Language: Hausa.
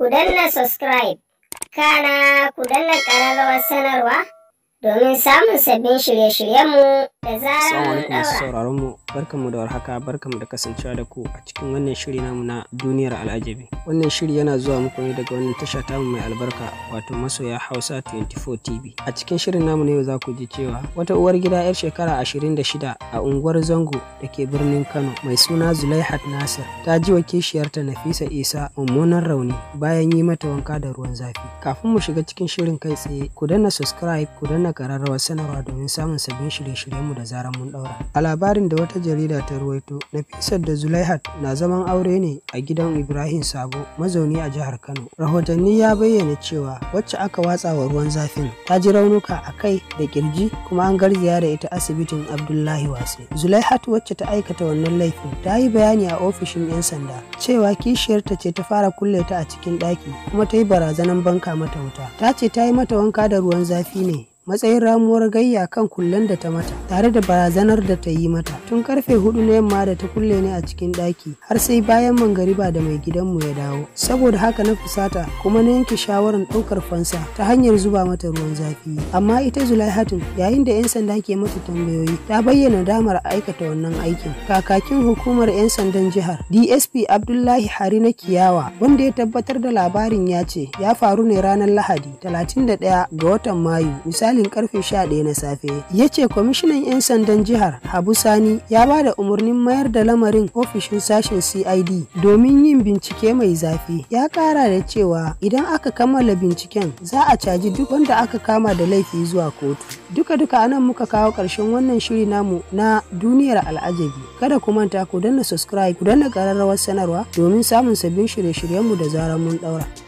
ku danna subscribe kana ku danna ƙararrawar sanarwa domin samun sabbin shirye-shiryenmu da zarar mun sauraron mu barkanmu da warhaka barkanmu da kasancewa da ku a cikin wannan shiri namu na duniyar al'ajabi wannan shiri yana zuwa muku ne daga wannan tasha tamu mai albarka wato masoya hausa 24 tv a cikin shirin namu ne yau za ku ji cewa wata uwar gida yar shekara 26 a unguwar zango da ke birnin kano mai suna zulaihat nasir ta ji wa kishiyarta nafisa isa mummunan rauni bayan yi mata wanka da ruwan zafi kafin mu shiga cikin shirin kai tsaye ku danna subscribe ku danna danna kararrawa sanarwa domin samun sabbin shirye-shiryenmu da zarar mun ɗaura. A labarin da wata jarida ta ruwaito, Nafisat da Zulaihat na zaman aure ne a gidan Ibrahim Sabo, mazauni a jihar Kano. Rahotanni ya bayyana cewa wacce aka watsa wa ruwan zafin ta ji raunuka a kai da kirji kuma an garzaya da ita asibitin Abdullahi Wase. Zulaihat wacce ta aikata wannan laifin ta yi bayani a ofishin 'yan sanda cewa kishiyarta ce ta fara kulle ta a cikin ɗaki kuma ta yi barazanar banka mata wuta. Ta ce ta yi mata wanka da ruwan zafi ne matsayin ramuwar gayya kan kullen da ta mata tare da barazanar da ta yi mata tun karfe hudu na yamma da ta kulle ni a cikin ɗaki har sai bayan mangariba da mai gidanmu ya dawo saboda haka na fusata kuma na yanke shawarar ɗaukar fansa ta hanyar zuba mata ruwan zafi amma ita zulaihatun yayin da 'yan sanda ke mata tambayoyi ta bayyana damar aikata wannan aikin kakakin hukumar 'yan sandan jihar dsp abdullahi hari na kiyawa wanda ya tabbatar da labarin ya ce ya faru ne ranar lahadi 31 ga watan mayu misali misalin karfe 11 na safe ya ce kwamishinan 'yan sandan jihar habu sani ya ba da umarnin mayar da lamarin ofishin sashen cid domin yin bincike mai zafi ya kara da cewa idan aka kammala binciken za a caji duk wanda aka kama da laifi zuwa kotu duka-duka anan muka kawo ƙarshen wannan shiri namu na duniyar al'ajabi kada ku manta ku danna subscribe ku danna ƙararrawar sanarwa domin samun sabbin shirye-shiryenmu da zarar mun ɗaura